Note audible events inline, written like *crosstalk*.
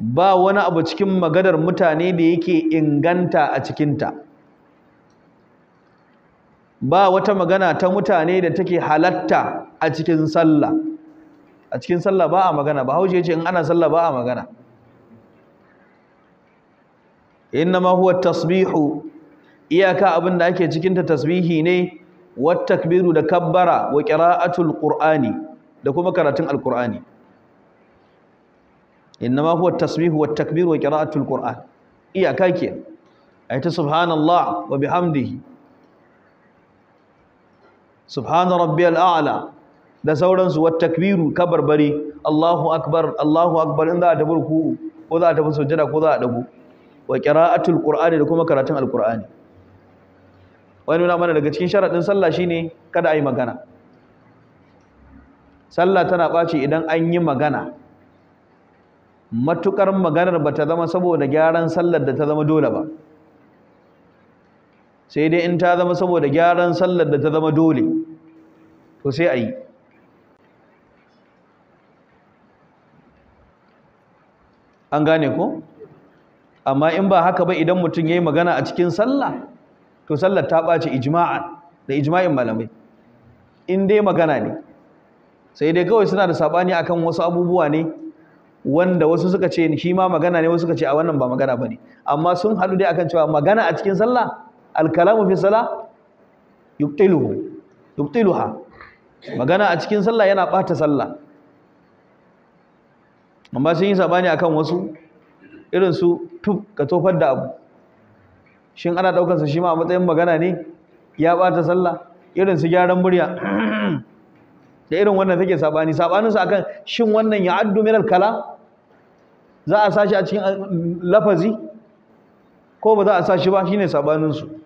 ba wani abu cikin magadar mutane da yake inganta a cikinta ba wata magana ta mutane da take halatta a cikin sallah a cikin sallah ba a magana ba haushe ce in ana sallah ba a magana ma huwa tasbihu iyaka abin da ake cikin tasbihi ne wa takbiru da kabbara wa qira'atul qur'ani da kuma karatun alqur'ani Inna huwa tasbihu wat takbir wa qira'atul qur'an iyaka ke ayi subhanallah wa bihamdihi subhana da sauransu wat takbiru kabarbari allahu akbar allahu akbar in za a tafi ruku ko za a tafi sujjada ko za a dago wa qira'atul qur'ani da kuma karatun alqur'ani wani nuna mana daga cikin sharadin sallah kada a yi magana sallah tana ɓaci idan an yi magana matukar maganar ba ta zama saboda gyaran sallar da ta zama dole ba sai dai in ta zama saboda gyaran sallar da ta zama dole to sai a yi an gane ko amma in ba haka ba idan mutum ya yi magana a cikin sallah to sallar ta ɓace ijma'an da ijma'in malamai in dai magana ne sai dai kawai suna da saɓani akan wasu abubuwa ne wanda wasu suka ce shi ma magana ne wasu suka ce a wannan ba magana bane amma sun haɗu dai akan cewa magana a cikin sallah alkalamu fi sallah yubtiluhu yubtiluha magana a cikin sallah yana ɓata sallah amma sun yi sabani akan wasu irin su tuf ka tofar da abu shin ana ɗaukarsa shi ma a matsayin magana ne ya ɓata sallah irin su gyaran murya *clears throat* da irin wannan take sabani sabanin sa akan shin wannan ya addu min al-kala za a sashi a cikin uh, lafazi ko ba za a sashi ba shine sabanin su